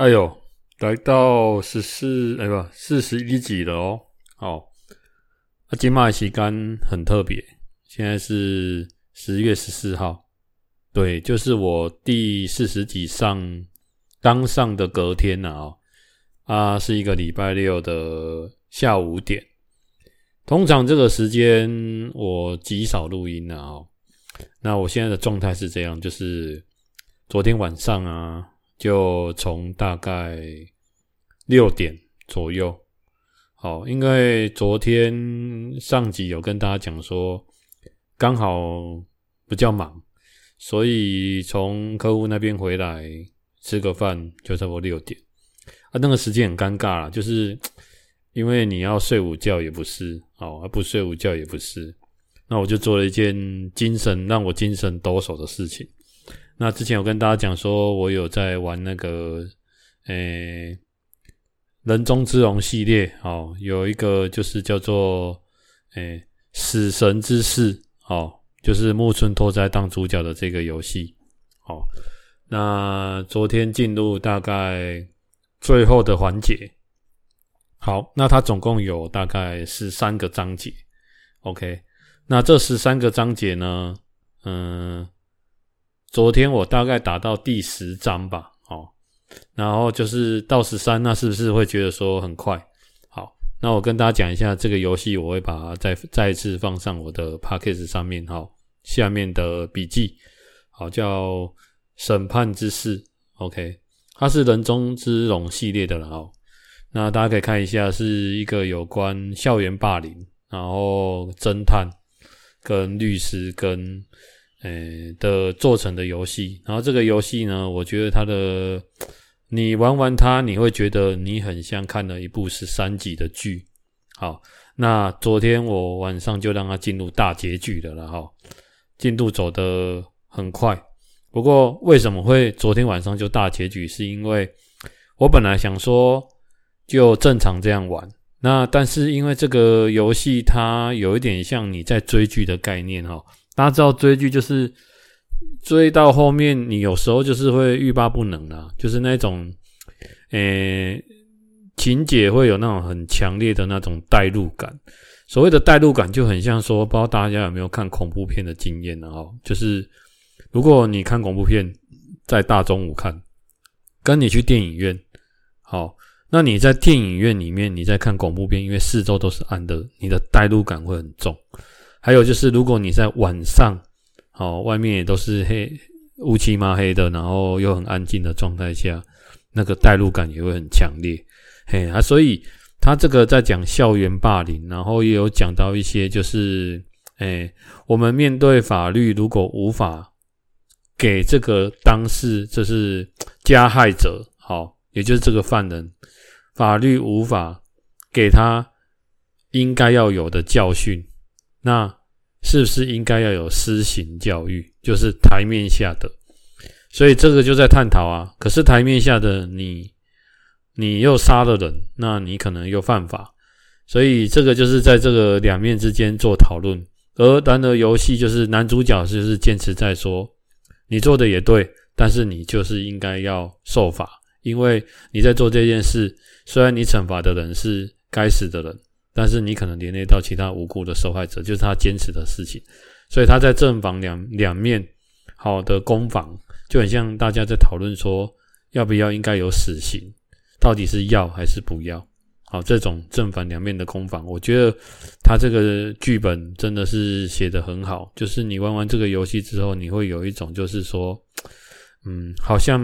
哎呦，來到十四哎不四十一集了哦，好，阿金馬西間很特別，現在是十月十四號，對，就是我第四十幾上剛上的隔天了、啊、哦，啊，是一個禮拜六的下午五點，通常這個時間我極少錄音了、啊、哦，那我現在的狀態是這樣，就是昨天晚上啊。就從大概六點左右，好，因為昨天上集有跟大家講說，剛好比較忙，所以從客戶那邊回來吃個飯，就差不多六點啊。那個時間很尷尬啦，就是因為你要睡午覺也不是哦，不睡午覺也不是，那我就做了一件精神讓我精神抖擻的事情。那之前我跟大家講說，我有在玩那個誒、欸《人中之龍》系列，好，有一個就是叫做誒、欸《死神之誓》哦，就是木村拓哉當主角的這個遊戲，好，那昨天進入大概最後的環節，好，那它總共有大概十三個章節，OK。那這十三個章節呢，嗯。昨天我大概打到第十章吧，好，然後就是到十三，那是不是會覺得說很快？好，那我跟大家講一下這個遊戲，我會把它再再次放上我的 podcast 上面，好，下面的筆記，好叫審判之逝，OK，它是人中之龍系列的了，哦，那大家可以看一下，是一個有關校園霸凌，然後偵探跟律師跟。誒、哎、的做成的遊戲，然後這個遊戲呢，我覺得它的你玩玩它，你會覺得你很像看了一部十三集的劇。好，那昨天我晚上就讓它進入大結局的了哈，進度走得很快。不過為什麼會昨天晚上就大結局，是因為我本來想說就正常這樣玩，那但是因為這個遊戲它有一點像你在追劇的概念哈。大家知道追劇就是追到後面，你有時候就是會欲罷不能啊。就是那種，呃、欸，情節會有那種很強烈的那種代入感。所謂的代入感，就很像說，不知道大家有沒有看恐怖片的經驗呢？哈，就是如果你看恐怖片在大中午看，跟你去電影院，好，那你在電影院裡面你在看恐怖片，因為四周都是暗的，你的代入感會很重。還有就是，如果你在晚上，好、哦，外面也都是黑烏漆嘛黑的，然後又很安靜的狀態下，那個帶入感也會很強烈，嘿啊！所以他這個在講校園霸凌，然後也有講到一些就是，哎、我們面對法律，如果無法給這個當事，就是加害者，好、哦，也就是這個犯人，法律無法給他應該要有的教訓。那是不是應該要有私刑教育？就是台面下的，所以這個就在探討啊。可是台面下的你，你又殺了人，那你可能又犯法，所以這個就是在這個兩面之間做討論。而單的遊戲就是男主角就是堅持在說，你做的也對，但是你就是應該要受罰，因為你在做這件事，雖然你懲罰的人是該死的人。但是你可能連累到其他無辜的受害者，就是他堅持的事情，所以他在正反兩兩面，好的攻防就很像大家在討論說要不要應該有死刑，到底是要還是不要？好，這種正反兩面的攻防，我覺得他這個劇本真的是寫得很好，就是你玩完這個遊戲之後，你會有一種就是說，嗯，好像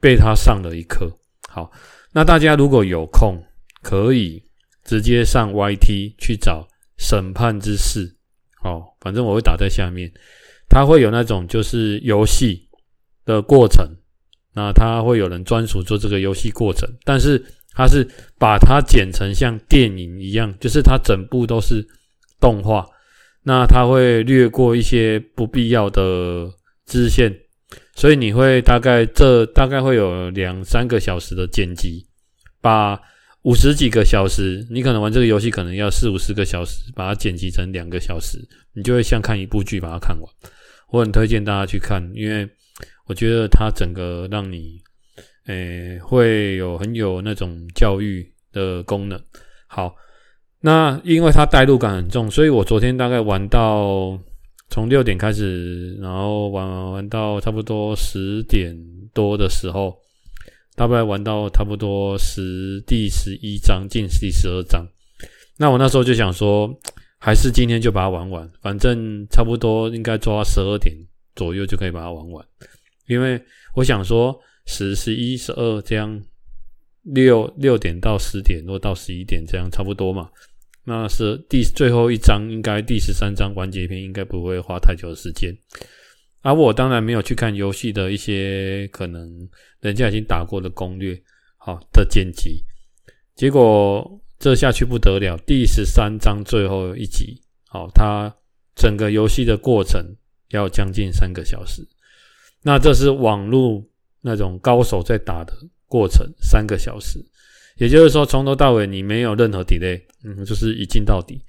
被他上了一課。好，那大家如果有空可以直接上 YT 去找《審判之逝》，哦，反正我會打在下面。它會有那種就是遊戲的過程，那它會有人專屬做這個遊戲過程，但是它是把它剪成像電影一樣，就是它整部都是動畫，那它會略過一些不必要的支線，所以你會大概這大概會有兩三個小時的剪輯，把。五十幾個小時，你可能玩這個遊戲，可能要四五十個小時，把它剪輯成兩個小時，你就會像看一部劇把它看完。我很推薦大家去看，因為我覺得它整個讓你，誒、欸，會有很有那種教育的功能。好，那因為它代入感很重，所以我昨天大概玩到從六點開始，然後玩玩玩到差不多十點多的時候。大概玩到差不多十第十一章，近第十二章。那我那時候就想說，還是今天就把它玩完，反正差不多應該抓十二點左右就可以把它玩完。因為我想說，十十一十二這樣，六六點到十點，然後到十一點這樣差不多嘛。那是第最後一章，應該第十三章完結篇，應該不會花太久的時間。啊，我當然沒有去看遊戲的一些可能人家已經打過的攻略，好，的剪輯。結果這下去不得了，第十三章最後一集，好，它整個遊戲的過程要將近三個小時。那這是網路那種高手在打的過程，三個小時，也就是說從頭到尾你沒有任何 delay，嗯，就是一鏡到底。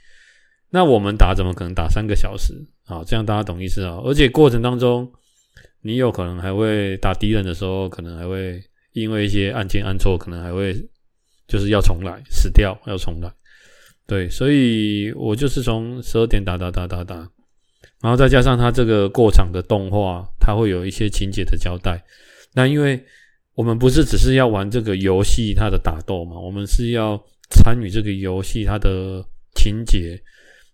那我們打怎麼可能打三個小時？好，這樣大家懂意思啊！而且過程當中，你有可能還會打敵人的時候，可能還會因為一些按鍵按錯，可能還會就是要重來，死掉要重來。對，所以我就是從十二點打打打打打，然後再加上他這個過場的動畫，他會有一些情節的交代。那因為我們不是只是要玩這個遊戲它的打鬥嘛，我們是要參與這個遊戲它的情節，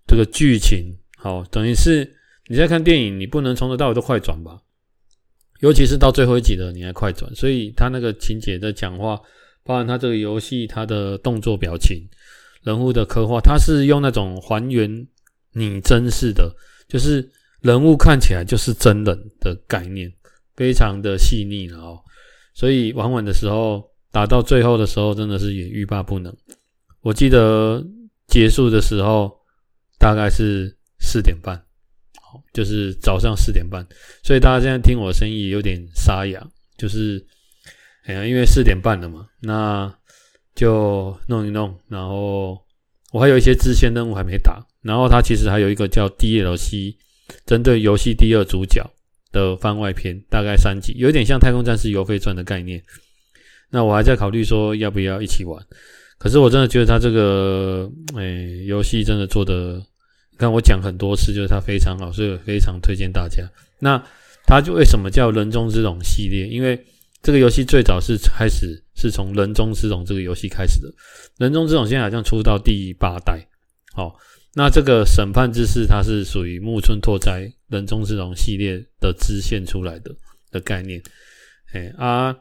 這個劇情。哦，等於是你在看電影，你不能從頭到尾都快轉吧？尤其是到最後一集了，你還快轉。所以他那個情節的講話，包含他這個遊戲，他的動作、表情、人物的刻畫，他是用那種還原擬真實的，就是人物看起來就是真人的概念，非常的細膩了哦。所以玩玩的時候打到最後的時候，真的是也欲罷不能。我記得結束的時候大概是。四點半，好，就是早上四點半，所以大家現在聽我的聲音有點沙啞，就是，哎、欸、呀，因為四點半了嘛，那就弄一弄，然後我還有一些支線任務還沒打，然後它其實還有一個叫 DLC，針對遊戲第二主角的番外篇，大概三集，有點像《太空戰士游飛傳》的概念，那我還在考慮說要不要一起玩，可是我真的覺得它這個，哎、欸，遊戲真的做的。跟我講很多次，就是他非常老師也非常推薦大家。那他就為什麼叫人中之龍系列？因為這個遊戲最早是開始是從人中之龍這個遊戲開始的。人中之龍現在好像出到第八代。好、哦，那這個審判之逝它是屬於木村拓哉人中之龍系列的支線出來的的概念。哎、欸、啊，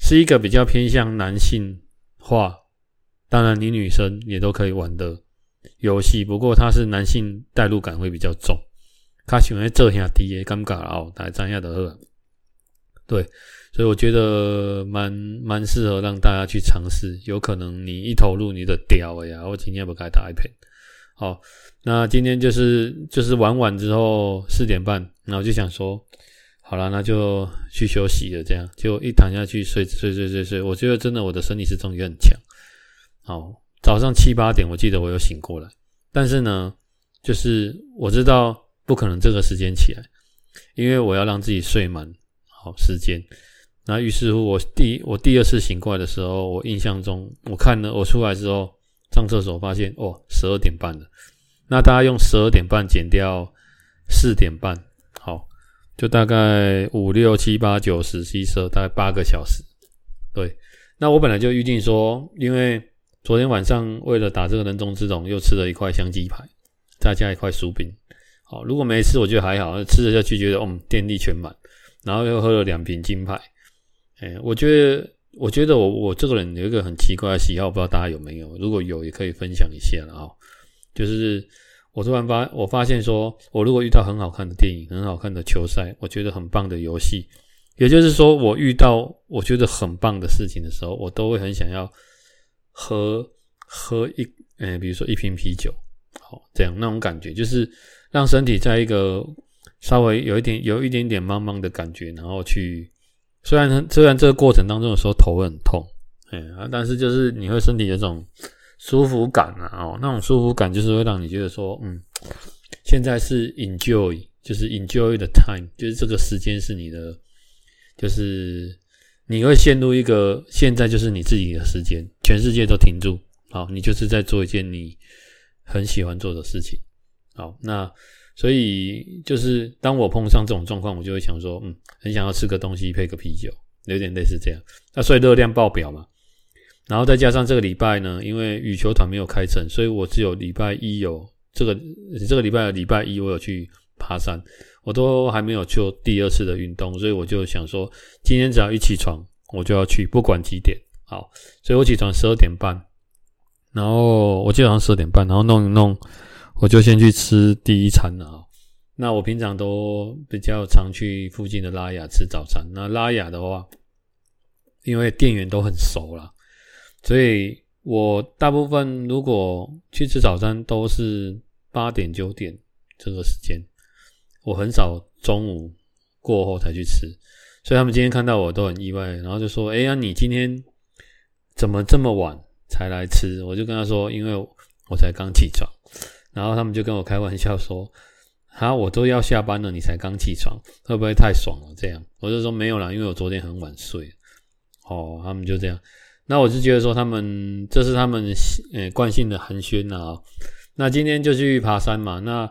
是一個比較偏向男性化，當然你女生也都可以玩的。遊戲，不過他是男性代入感會比較重，他喜歡坐下低也尷尬哦，來站下得喝，對，所以我覺得蠻蠻適合讓大家去嘗試。有可能你一投入，你就屌哎呀！我今天不該打 iPad。好，那今天就是就是玩完之後四點半，然後就想說，好了，那就去休息了。這樣就一躺下去睡睡睡睡睡，我覺得真的我的身體是終於很強，好。早上七八點，我記得我有醒過來，但是呢，就是我知道不可能這個時間起來，因為我要讓自己睡滿好時間。那於是乎，我第我第二次醒過來的時候，我印象中，我看了我出來之後上廁所，發現哦，十二點半了。那大家用十二點半減掉四點半，好，就大概五六七八九十，其實大概八個小時。對，那我本來就預定說，因為。昨天晚上為了打這個人中之龍，又吃了一塊香雞排，再加一塊薯餅。好，如果沒吃，我覺得還好。吃了下去覺得，嗯，電力全滿。然後又喝了兩瓶金牌。哎、欸，我覺得，我覺得我我這個人有一個很奇怪的喜好，不知道大家有沒有？如果有，也可以分享一下了啊、哦。就是我突然發我發現說，說我如果遇到很好看的電影、很好看的球賽，我覺得很棒的遊戲，也就是說，我遇到我覺得很棒的事情的時候，我都會很想要。喝喝一，誒、欸、比如說一瓶啤酒，好，這樣那種感覺就是讓身體在一個稍微有一點有一點點茫茫的感覺，然後去雖然雖然這個過程當中的時候頭很痛，哎、欸啊、但是就是你會身體有這種舒服感啊，哦，那種舒服感就是會讓你覺得說，嗯，現在是 enjoy，就是 enjoy the time，就是這個時間是你的，就是。你會陷入一個現在就是你自己的時間，全世界都停住。好，你就是在做一件你很喜歡做的事情。好，那所以就是當我碰上這種狀況，我就會想說，嗯，很想要吃個東西配個啤酒，有點類似這樣。那所以熱量爆表嘛。然後再加上這個禮拜呢，因為羽球團沒有開成，所以我只有禮拜一有這個這個禮拜的禮拜一我有去。爬山，我都還沒有做第二次的運動，所以我就想說，今天只要一起床我就要去，不管幾點，好。所以我起床十二點半，然後我起床十二點半，然後弄一弄，我就先去吃第一餐了啊。那我平常都比較常去附近的拉雅吃早餐。那拉雅的話，因為店員都很熟了，所以我大部分如果去吃早餐都是八點九點這個時間。我很少中午過後才去吃，所以他們今天看到我都很意外，然後就說：“哎、欸、呀，啊、你今天怎麼這麼晚才來吃？”我就跟他說：“因為我才剛起床。”然後他們就跟我開玩笑說：“啊，我都要下班了，你才剛起床，會不會太爽了？”這樣，我就說：“沒有啦，因為我昨天很晚睡。”哦，他們就這樣。那我就覺得說，他們這是他們呃慣、欸、性的寒暄啊。那今天就去爬山嘛。那。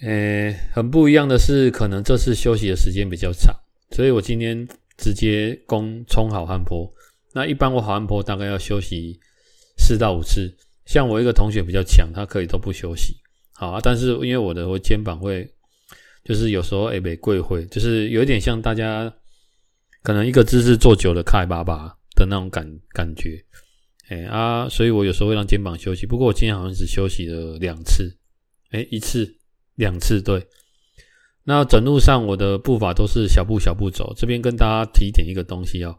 誒，很不一樣的是，可能這次休息的時間比較長，所以我今天直接攻衝好漢坡。那一般我好漢坡大概要休息四到五次，像我一個同學比較強，他可以都不休息。好啊，但是因為我的我肩膀會，就是有時候誒被跪會，就是有點像大家可能一個姿勢坐久了卡巴巴的那種感感覺。誒啊，所以我有時候會讓肩膀休息。不過我今天好像只休息了兩次，誒一次。兩次對，那整路上我的步伐都是小步小步走。這邊跟大家提點一個東西哦，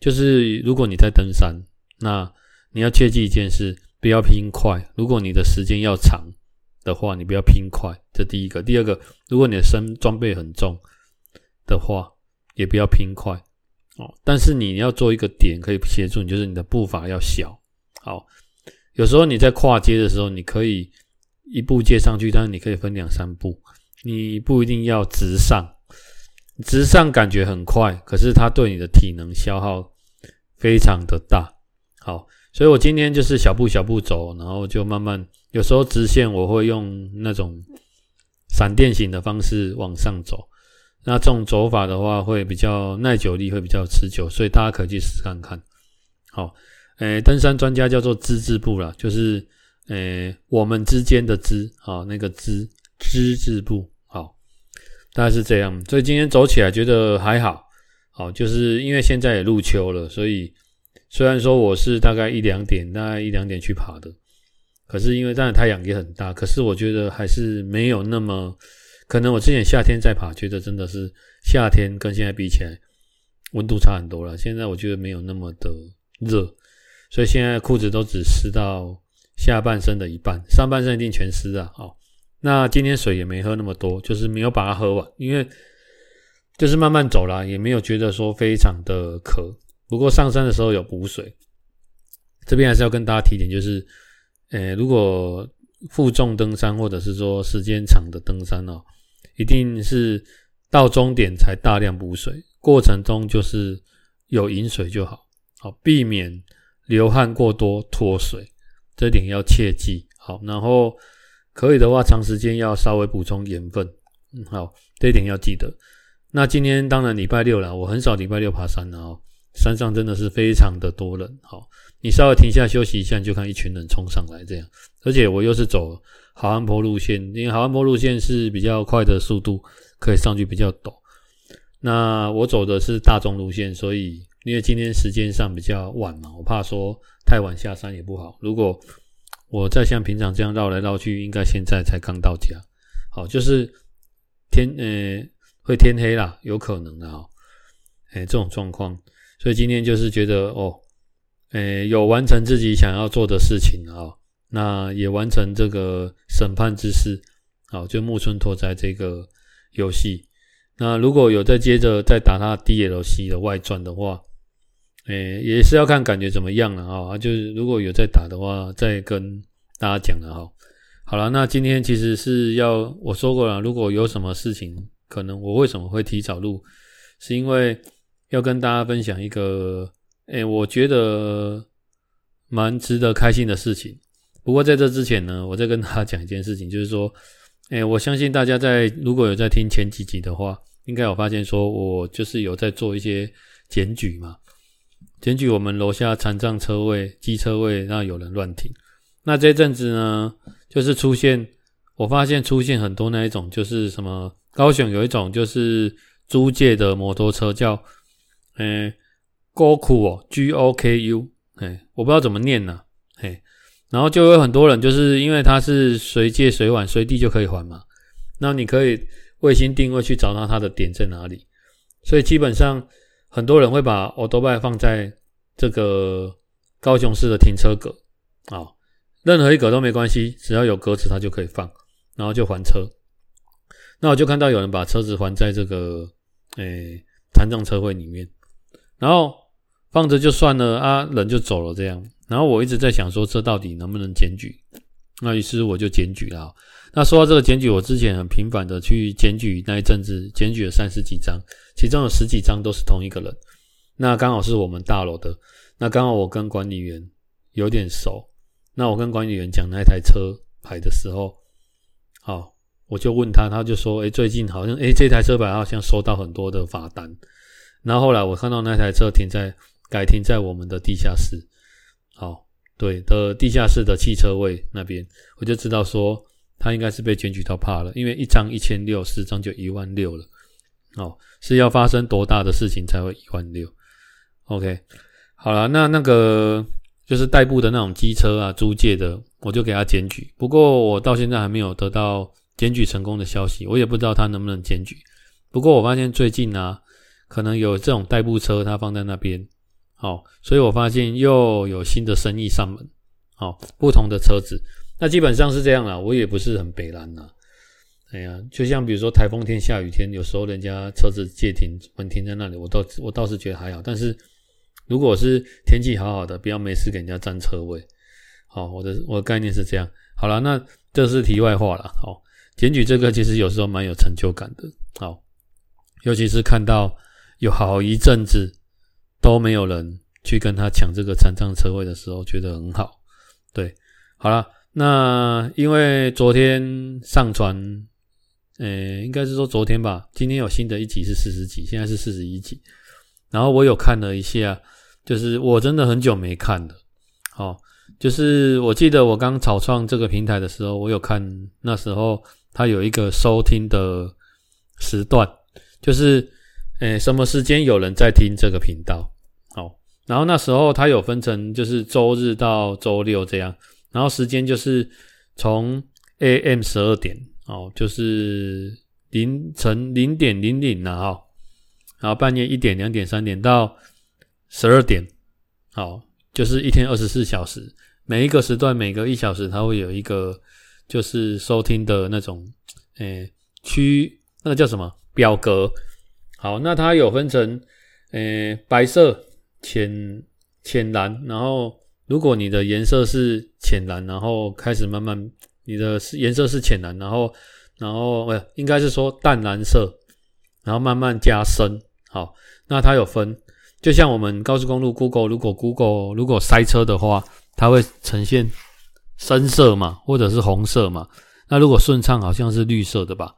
就是如果你在登山，那你要切記一件事，不要拼快。如果你的時間要長的話，你不要拼快。這第一個，第二個，如果你的身上裝備很重的話，也不要拼快哦。但是你要做一個點可以協助你，就是你的步伐要小。好，有時候你在跨階的時候，你可以。一步接上去，但是你可以分兩三步，你不一,一定要直上，直上感覺很快，可是它對你的體能消耗非常的大。好，所以我今天就是小步小步走，然後就慢慢，有時候直線我會用那種閃電型的方式往上走，那這種走法的話會比較耐久力，會比較持久，所以大家可以去試試看看。好，誒，登山專家叫做之字步啦，就是。誒、欸，我們之間的“之”啊，那個“之”之字部，啊，大概是這樣。所以今天走起來覺得還好，好，就是因為現在也入秋了，所以雖然說我是大概一兩點，大概一兩點去爬的，可是因為當然太陽也很大，可是我覺得還是沒有那麼，可能我之前夏天在爬，覺得真的是夏天跟現在比起來，溫度差很多了。現在我覺得沒有那麼的熱，所以現在褲子都只濕到。下半身的一半，上半身一定全濕啊！哦，那今天水也沒喝那麼多，就是沒有把它喝完，因為就是慢慢走啦，也沒有覺得說非常的渴。不過上山的時候有補水，這邊還是要跟大家提點，就是，呃、欸，如果負重登山或者是說時間長的登山哦，一定是到終點才大量補水，過程中就是有飲水就好，好、哦、避免流汗過多脫水。這一點要切記好，然後可以的話，長時間要稍微補充鹽分。嗯，好，這一點要記得。那今天當然禮拜六了，我很少禮拜六爬山了哦。山上真的是非常的多人，好，你稍微停下休息一下，你就看一群人衝上來這樣。而且我又是走好漢坡路線，因為好漢坡路線是比較快的速度，可以上去比較陡。那我走的是大眾路線，所以因為今天時間上比較晚嘛，我怕說。太晚下山也不好。如果我再像平常這樣繞來繞去，應該現在才剛到家。好，就是天呃、欸，會天黑啦，有可能的哈。哎、欸，這種狀況，所以今天就是覺得哦，哎、欸，有完成自己想要做的事情啊，那也完成這個審判之逝。好，就木村拓哉這個遊戲。那如果有再接着再打他 DLC 的外傳的話。誒、欸，也是要看感覺怎麼樣了，哦、啊！就是如果有在打的話，再跟大家講了哈。好了，那今天其實是要我說過了。如果有什麼事情，可能我為什麼會提早錄，是因為要跟大家分享一個誒、欸，我覺得蠻值得開心的事情。不過在這之前呢，我再跟大家講一件事情，就是說，誒、欸，我相信大家在如果有在聽前幾集的話，應該有發現說我就是有在做一些檢舉嘛。檢舉我們樓下殘障車位、機車位讓有人亂停。那這陣子呢，就是出現，我發現出現很多那一種，就是什麼高雄有一種就是租借的摩托車，叫呃、欸、Goku G O K U 嘿、欸，我不知道怎麼念呢、啊、嘿、欸。然後就有很多人就是因為它是隨借隨還、隨地就可以還嘛，那你可以衛星定位去找到它的點在哪裡，所以基本上。很多人會把奧迪 e 放在這個高雄市的停車格啊，任何一格都沒關係，只要有格子它就可以放，然後就還車。那我就看到有人把車子還在這個誒殘、欸、障車位裡面，然後放着就算了啊，人就走了這樣。然後我一直在想說，這到底能不能檢舉？那於是我就檢舉了。那說到這個檢舉，我之前很頻繁的去檢舉，那一陣子檢舉了三十幾張，其中有十幾張都是同一個人。那剛好是我們大樓的，那剛好我跟管理員有點熟。那我跟管理員講那台車牌的時候，好，我就問他，他就說：“哎，最近好像，哎，這台車牌好像收到很多的罰單。”然後後來我看到那台車停在改，停在我們的地下室，好，對，的地下室的汽車位那邊，我就知道說。他應該是被檢舉到怕了，因為一張一千六，十張就一萬六了，哦，是要發生多大的事情才會一萬六？OK，好了，那那個就是代步的那種機車啊，租借的，我就給他檢舉。不過我到現在還沒有得到檢舉成功的消息，我也不知道他能不能檢舉。不過我發現最近呢、啊，可能有這種代步車，他放在那邊，好、哦，所以我發現又有新的生意上門，好、哦，不同的車子。那基本上是這樣啦，我也不是很北爛啦，哎呀，就像比如說颱風天、下雨天，有時候人家車子借停、門停在那裡，我倒我倒是覺得還好。但是如果是天氣好好的，不要沒事給人家占車位。好，我的我的概念是這樣。好了，那這是題外話了。好，檢舉這個其實有時候蠻有成就感的。好，尤其是看到有好一陣子都沒有人去跟他搶這個殘障車位的時候，覺得很好。對，好了。那因為昨天上傳，呃、哎，應該是說昨天吧。今天有新的一集是四十集，現在是四十一集。然後我有看了一下，就是我真的很久沒看了。哦，就是我記得我剛草創這個平台的時候，我有看那時候它有一個收聽的時段，就是呃、哎，什麼時間有人在聽這個頻道？哦，然後那時候它有分成，就是周日到周六這樣。然後時間就是從 AM 十二點哦，就是凌晨零點零零了哈，然後半夜一點、兩點、三點到十二點，好，就是一天二十四小時，每一個時段，每隔一小時，它會有一個就是收聽的那種誒、欸、區，那個叫什麼表格？好，那它有分成誒、欸、白色、淺淺藍，然後。如果你的顏色是淺藍，然後開始慢慢，你的顏色是淺藍，然後，然後，應該是說淡藍色，然後慢慢加深。好，那它有分，就像我們高速公路，Google 如果 Google 如果塞車的話，它會呈現深色嘛，或者是紅色嘛。那如果順暢，好像是綠色的吧。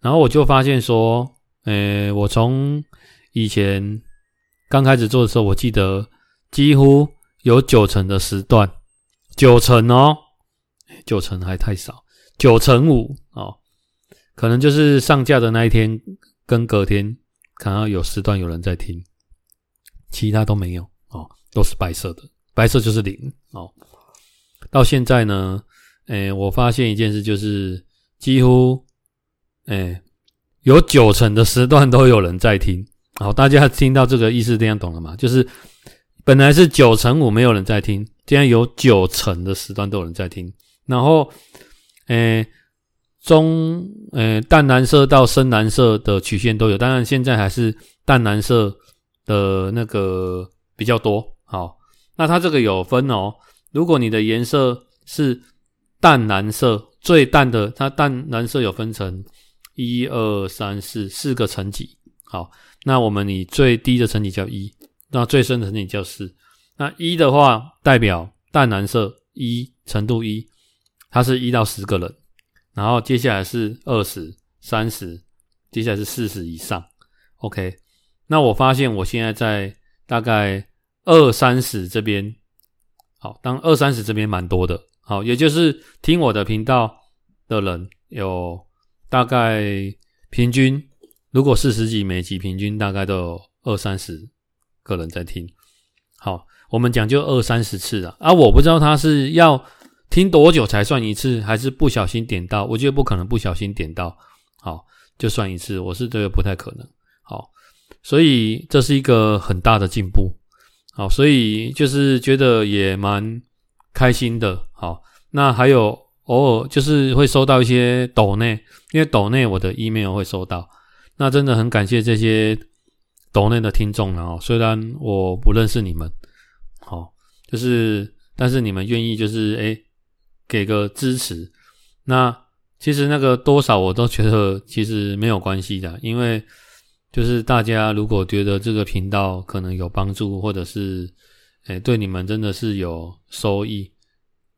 然後我就發現說，呃、欸，我從以前剛開始做的時候，我記得幾乎。有九成的時段，九成哦，九成還太少，九成五哦，可能就是上架的那一天跟隔天，可能有時段有人在聽，其他都沒有哦，都是白色的，白色就是零哦。到現在呢，欸、我發現一件事，就是幾乎、欸，有九成的時段都有人在聽，好、哦，大家聽到這個意思這樣懂了嗎？就是。本來是九成五沒有人在聽，現在有九成的時段都有人在聽。然後，誒，中誒淡藍色到深藍色的曲線都有，當然現在還是淡藍色的那個比較多。好，那它這個有分哦。如果你的顏色是淡藍色，最淡的它淡藍色有分成一二三四四個層級。好，那我們以最低的層級叫一。那最深的層的叫四，那一的話代表淡藍色一程度一，它是一到十個人，然後接下來是二十、三十，接下來是四十以上。OK，那我發現我現在在大概二三十這邊，好，當二三十這邊蠻多的，好，也就是聽我的頻道的人有大概平均，如果四十幾，每集平均大概都有二三十。個人在聽，好，我們講就二三十次了啊，啊我不知道他是要聽多久才算一次，還是不小心點到，我覺得不可能不小心點到，好就算一次，我是覺得不太可能，好，所以這是一個很大的進步，好，所以就是覺得也蠻開心的，好，那還有偶爾就是會收到一些抖內，因為抖內我的 email 會收到，那真的很感謝這些。抖內的聽眾了，雖然我不認識你們，好，就是但是你們願意就是誒、欸、給個支持，那其實那個多少我都覺得其實沒有關係的，因為就是大家如果覺得這個頻道可能有幫助，或者是哎、欸、對你們真的是有收益、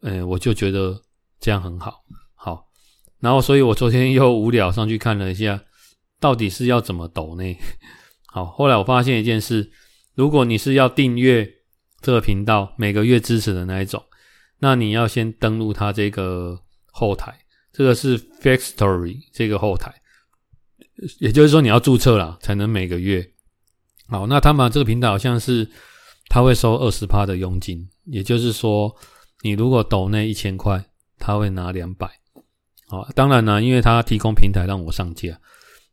欸，我就覺得這樣很好，好，然後所以我昨天又無聊上去看了一下，到底是要怎麼抖內。好，後來我發現一件事，如果你是要訂閱這個頻道，每個月支持的那一種，那你要先登錄他這個後台，這個是 Firstory 這個後台，也就是說你要注冊啦，才能每個月。好，那他們這個頻道好像是他會收二十趴的佣金，也就是說你如果抖那一千塊，他會拿兩百。好，當然啦，因為他提供平台讓我上架。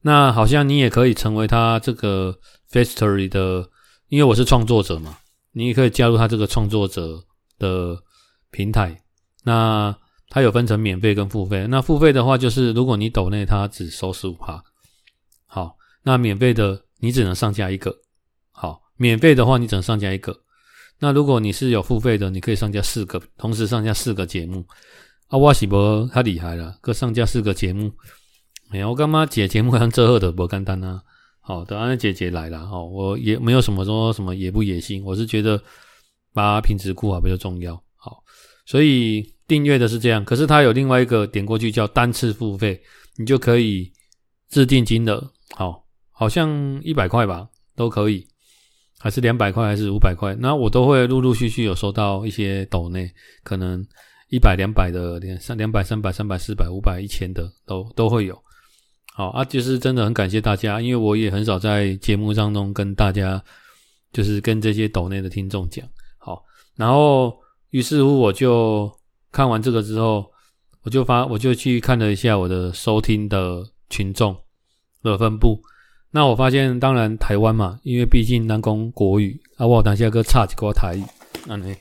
那好像你也可以成為他這個 Firstory 的，因為我是創作者嘛，你也可以加入他這個創作者的平台。那他有分成免費跟付費。那付費的話，就是如果你抖內，他只收十五趴。好，那免費的你只能上架一個。好，免費的話你只能上架一個。那如果你是有付費的，你可以上架四個，同時上架四個節目。阿哇西伯他厲害了，可上架四個節目。沒有，我幹嘛姐姐莫上這後的莫干單啊，好的，阿姐姐來了，好，我也沒有什麼說什麼野不野心，我是覺得把品質顧好比較重要，好，所以訂閱的是這樣，可是它有另外一個點過去叫單次付費，你就可以自定金的，好，好像一百塊吧，都可以，還是兩百塊還是五百塊，那我都會陸陸續續有收到一些抖內可能一百兩百的兩三兩百三百三百四百五百一千的都都會有。好啊，就是真的很感謝大家，因為我也很少在節目當中跟大家，就是跟這些島內的聽眾講。好，然後於是乎我就看完這個之後，我就發，我就去看了一下我的收聽的群眾的分布。那我發現，當然台灣嘛，因為畢竟南宮國語，啊，我等一下個差幾國台語，啊呢，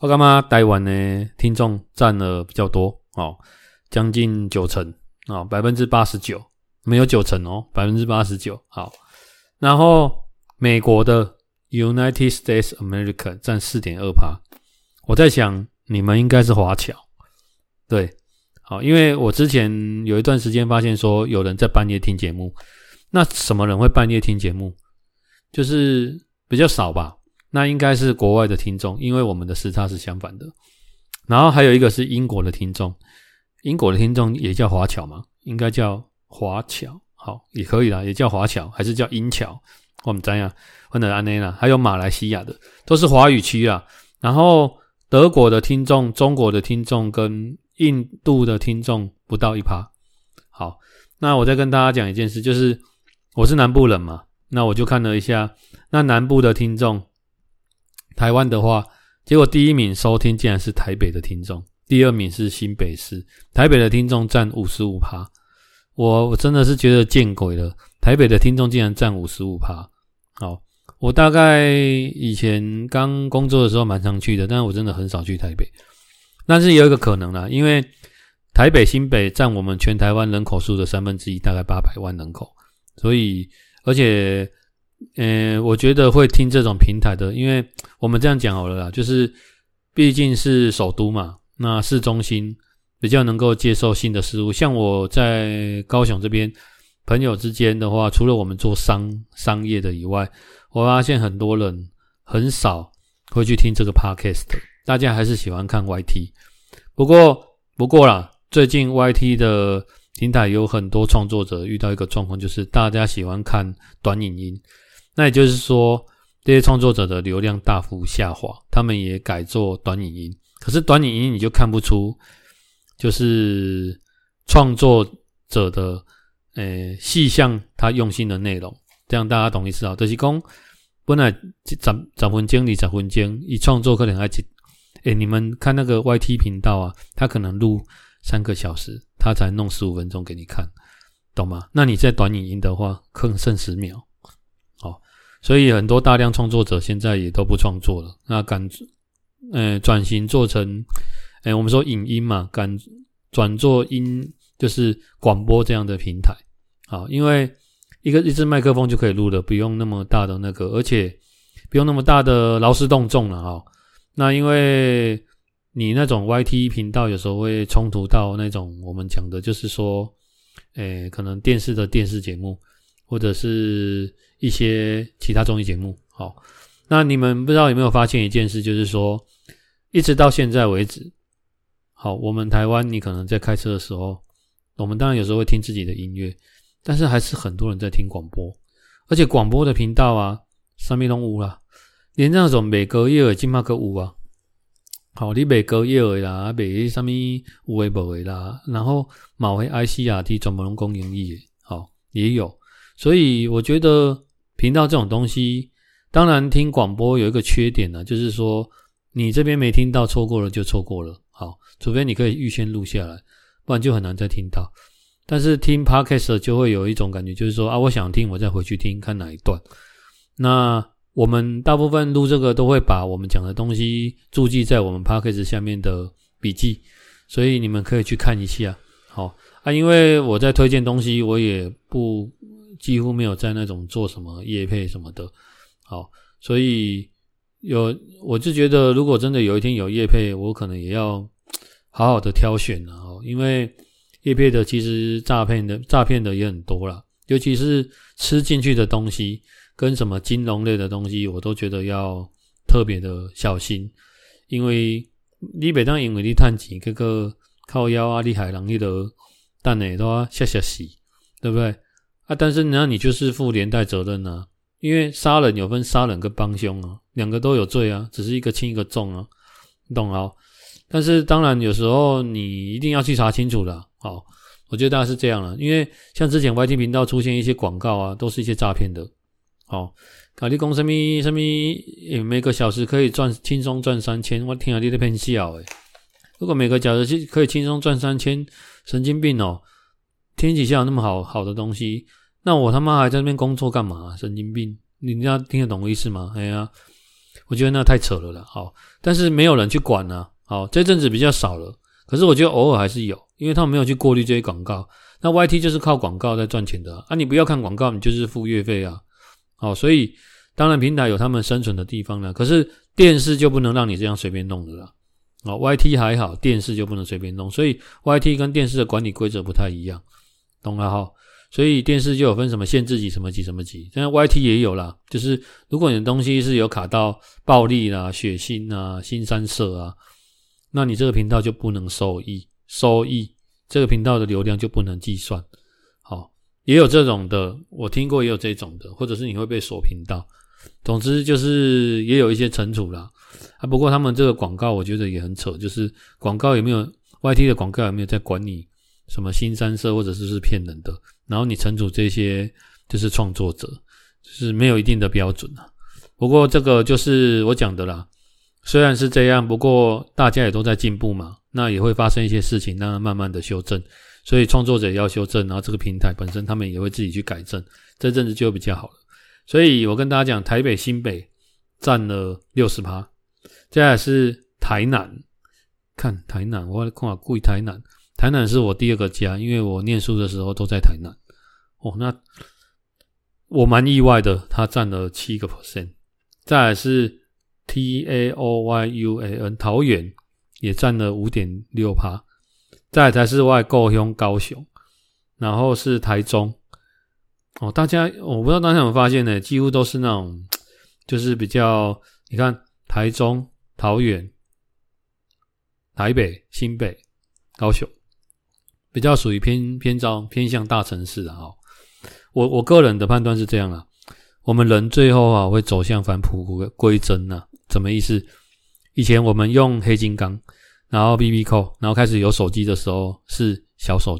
我幹嘛台灣呢？聽眾佔了比較多，哦，將近九成，啊、哦，百分之八十九。沒有九成哦，百分之八十九。好，然後美國的 United States America 佔四點二趴。我在想，你們應該是華僑，對。好，因為我之前有一段時間發現說有人在半夜聽節目，那什麼人會半夜聽節目？就是比較少吧，那應該是國外的聽眾，因為我們的時差是相反的。然後還有一個是英國的聽眾，英國的聽眾也叫華僑嘛，應該叫。華僑好也可以啦，也叫華僑，還是叫英僑，我們怎樣？混得安內啦，還有馬來西亞的都是華語區啦。然後德國的聽眾、中國的聽眾跟印度的聽眾不到一趴。好，那我再跟大家講一件事，就是我是南部人嘛，那我就看了一下那南部的聽眾，台灣的話，結果第一名收聽竟然是台北的聽眾，第二名是新北市，台北的聽眾占五十五趴。我我真的是覺得見鬼了！台北的聽眾竟然占五十五趴。好，我大概以前剛工作的時候蠻常去的，但是我真的很少去台北。但是也有一個可能啦，因為台北新北占我們全台灣人口數的三分之一，大概八百萬人口，所以而且嗯、呃，我覺得會聽這種平台的，因為我們這樣講好了啦，就是畢竟是首都嘛，那市中心。比較能夠接受新的事物，像我在高雄這邊朋友之間的話，除了我們做商商業的以外，我發現很多人很少會去聽這個 podcast，大家還是喜歡看 YT。不過，不過啦，最近 YT 的平台有很多創作者遇到一個狀況，就是大家喜歡看短影音，那也就是說，這些創作者的流量大幅下滑，他們也改做短影音，可是短影音你就看不出。就是創作者的誒，細項他用心的內容，這樣大家懂意思啊？就是講本來咱找分間，你找分間一創作可能還幾誒，你們看那個 YT 頻道啊，他可能錄三個小時，他才弄十五分鐘給你看，懂嗎？那你在短影音的話，可能剩十秒。哦。所以很多大量創作者現在也都不創作了，那感誒轉型做成。哎、欸，我們說影音，音嘛，感，轉做音就是廣播這樣的平台，好，因為一個一支麥克風就可以錄了，不用那麼大的那個，而且不用那麼大的勞師動眾了哈。那因為你那種 YT 頻道有時候會衝突到那種我們講的就是說，哎、欸，可能電視的電視節目或者是一些其他綜藝節目。好，那你們不知道有沒有發現一件事，就是說一直到現在為止，好，我們台灣，你可能在開車的時候，我們當然有時候會聽自己的音樂，但是還是很多人在聽廣播，而且廣播的頻道啊，三米龍五啦，連那種美國耶爾金麥克五啊，好，你美國耶爾啦，啊，北三米五維博維啦，然後馬維 ICRT 轉播龍園營耶，好，也有，所以我覺得頻道這種東西，當然聽廣播有一個缺點呢，啊，就是說你這邊沒聽到，錯過了就錯過了。好，除非你可以預先錄下來，不然就很難再聽到。但是聽 Podcast 就會有一種感覺，就是說啊，我想聽，我再回去聽看哪一段。那我們大部分錄這個都會把我們講的東西注記在我們 Podcast 下面的筆記，所以你們可以去看一下。好啊，因為我在推薦東西，我也不幾乎沒有在那種做什麼業配什麼的。好，所以。有，我就覺得，如果真的有一天有業配，我可能也要好好的挑選了、啊、哦。因為業配的其實詐騙的詐騙的也很多了，尤其是吃進去的東西跟什麼金融類的東西，我都覺得要特別的小心。因為你每當，因為你貪錢，這個靠腰啊，利海郎那德，但你都嚇嚇死，對不對？啊，但是那你就是負連帶責任啊。因為殺人有分殺人跟幫凶啊，兩個都有罪啊，只是一個輕一個重啊，你懂啊。但是當然有時候你一定要去查清楚啦、啊，哦，我覺得大概是這樣了。因為像之前 YT 頻道出現一些廣告啊，都是一些詐騙的，好，搞你公什麼，咪、欸，每個小時可以賺輕鬆賺三千，3000, 我聽了你在騙笑誒、欸。如果每個小時去可以輕鬆賺三千，神經病哦、喔，天底下有那麼好好的東西。那我他媽還在那邊工作幹嘛、啊？神經病！你人家聽得懂我意思嗎？哎呀，我覺得那太扯了啦。好、哦，但是沒有人去管啊。好、哦，這陣子比較少了，可是我覺得偶爾還是有，因為他們沒有去過濾這些廣告。那 YT 就是靠廣告在賺錢的啊。啊，你不要看廣告，你就是付月費啊。好、哦，所以當然平台有他們生存的地方呢、啊。可是電視就不能讓你這樣隨便弄的啦。好、哦、，YT 還好，電視就不能隨便弄。所以 YT 跟電視的管理規則不太一樣，懂了哈？所以電視就有分什麼限制級、什麼級、什麼級，現在 YT 也有啦，就是如果你的東西是有卡到暴力啦、血腥啊、腥羶色啊，那你這個頻道就不能收益，收益這個頻道的流量就不能計算。好、哦，也有這種的，我聽過也有這種的，或者是你會被鎖頻道。總之就是也有一些懲處啦。啊，不過他們這個廣告我覺得也很扯，就是廣告有沒有 YT 的廣告有沒有在管你？什麼新三色或者是是騙人的，然後你懲處這些就是創作者，就是沒有一定的標準啊。不過這個就是我講的啦，雖然是這樣，不過大家也都在進步嘛，那也會發生一些事情，那慢慢的修正，所以創作者也要修正，然後這個平台本身他們也會自己去改正，這陣子就比較好了。所以我跟大家講，台北新北佔了六十趴，接下來是台南，看台南，我來看故意台南。台南是我第二個家，因為我念書的時候都在台南。哦，那我蠻意外的，它占了七個 percent。再來是 T A O Y U A N 桃園也占了五點六趴，再來才是外高雄高雄，然後是台中。哦，大家我不知道大家有沒有發現呢，幾乎都是那種就是比較，你看台中、桃園、台北、新北、高雄。比較屬於偏偏朝偏向大城市的，啊、哦，我我個人的判斷是這樣啦，啊，我們人最後啊會走向返璞歸歸真呢，啊？怎麼意思？以前我們用黑金剛，然後 BB call，然後開始有手機的時候是小手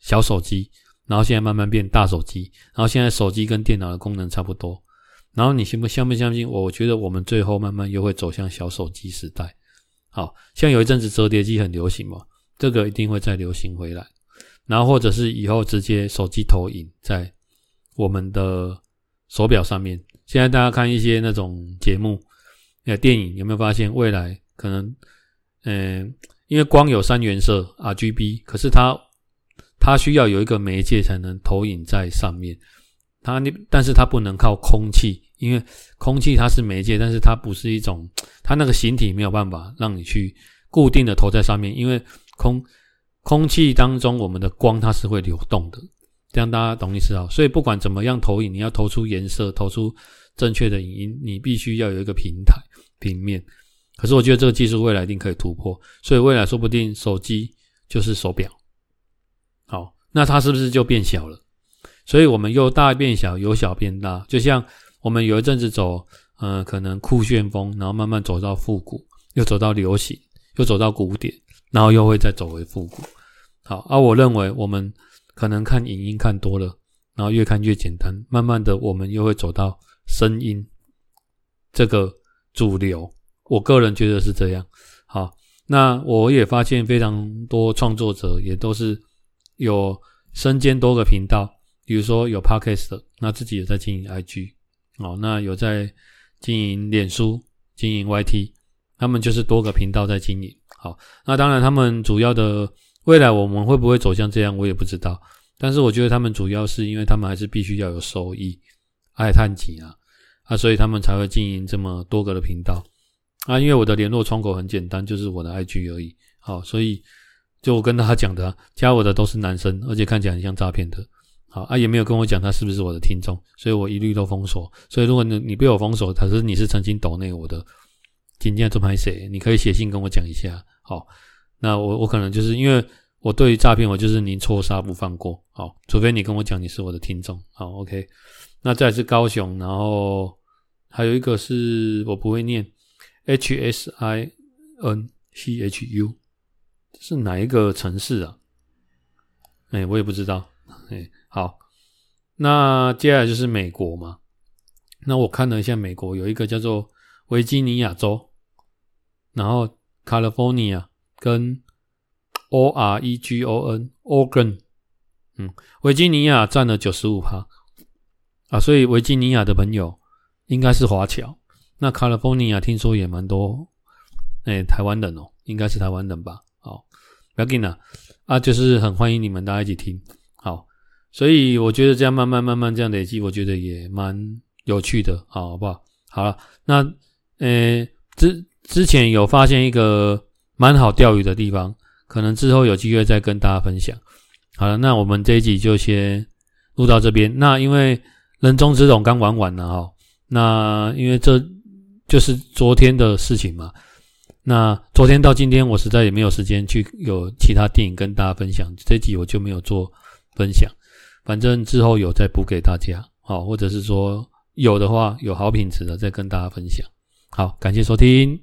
小手機，然後現在慢慢變大手機，然後現在手機跟電腦的功能差不多。然後你信不相不相信？我覺得我們最後慢慢又會走向小手機時代。好像有一陣子折疊機很流行嘛。這個一定會再流行回來，然後或者是以後直接手機投影在我們的手表上面。現在大家看一些那種節目、呃電影，有沒有發現未來可能？嗯、呃，因為光有三原色 R、G、B，可是它它需要有一個媒介才能投影在上面。它那，但是它不能靠空氣，因為空氣它是媒介，但是它不是一種，它那個形體沒有辦法讓你去。固定的投在上面，因為空空氣當中，我們的光它是會流動的，這樣大家懂意思啊？所以不管怎麼樣投影，你要投出顏色，投出正確的影音，你必須要有一個平台平面。可是我覺得這個技術未來一定可以突破，所以未來說不定手機就是手表，好，那它是不是就變小了？所以我們由大變小，由小變大，就像我們有一陣子走，嗯、呃，可能酷炫風，然後慢慢走到復古，又走到流行。又走到古典，然後又會再走回復古。好，而、啊、我認為我們可能看影音看多了，然後越看越簡單，慢慢的我們又會走到聲音這個主流。我個人覺得是這樣。好，那我也發現非常多創作者也都是有身兼多個頻道，比如說有 Podcast 的，那自己也在經營 IG，哦，那有在經營臉書、經營 YT。他們就是多個頻道在經營，好，那當然他們主要的未來我們會不會走向這樣，我也不知道。但是我覺得他們主要是因為他們還是必須要有收益，愛探景啊，啊，所以他們才會經營這麼多個的頻道。啊，因為我的聯絡窗口很簡單，就是我的 IG 而已，好，所以就我跟他講的，加我的都是男生，而且看起來很像詐騙的，好，啊，也沒有跟我講他是不是我的聽眾，所以我一律都封鎖。所以如果你你被我封鎖，可是你是曾經抖內我的。今天麼拍誰？你可以寫信跟我講一下。好，那我我可能就是因為我對於詐騙我就是寧錯殺不放過。好，除非你跟我講你是我的聽眾。好，OK。那再來是高雄，然後還有一個是我不會念 H S I N C H U 這是哪一個城市啊？哎、欸，我也不知道。哎、欸，好，那接下來就是美國嘛。那我看了一下，美國有一個叫做維吉尼亞州。然後，California 跟 O-R-E-G-O-N Oregon，嗯，維吉尼亞占了九十五趴啊，所以維吉尼亞的朋友應該是華僑。那 California 聽說也蠻多，誒台灣人哦，應該是台灣人吧？好，不要緊啦，啊，就是很歡迎你們大家一起聽。好，所以我覺得這樣慢慢慢慢這樣的累積，我覺得也蠻有趣的，好好不好？好了，那誒這。之前有發現一個蠻好釣魚的地方，可能之後有機會再跟大家分享。好了，那我們這一集就先錄到這邊。那因為人中之龍剛玩完了哈，那因為這就是昨天的事情嘛。那昨天到今天我實在也沒有時間去有其他電影跟大家分享，這一集我就沒有做分享。反正之後有再補給大家，好，或者是說有的話有好品質的再跟大家分享。好，感謝收聽。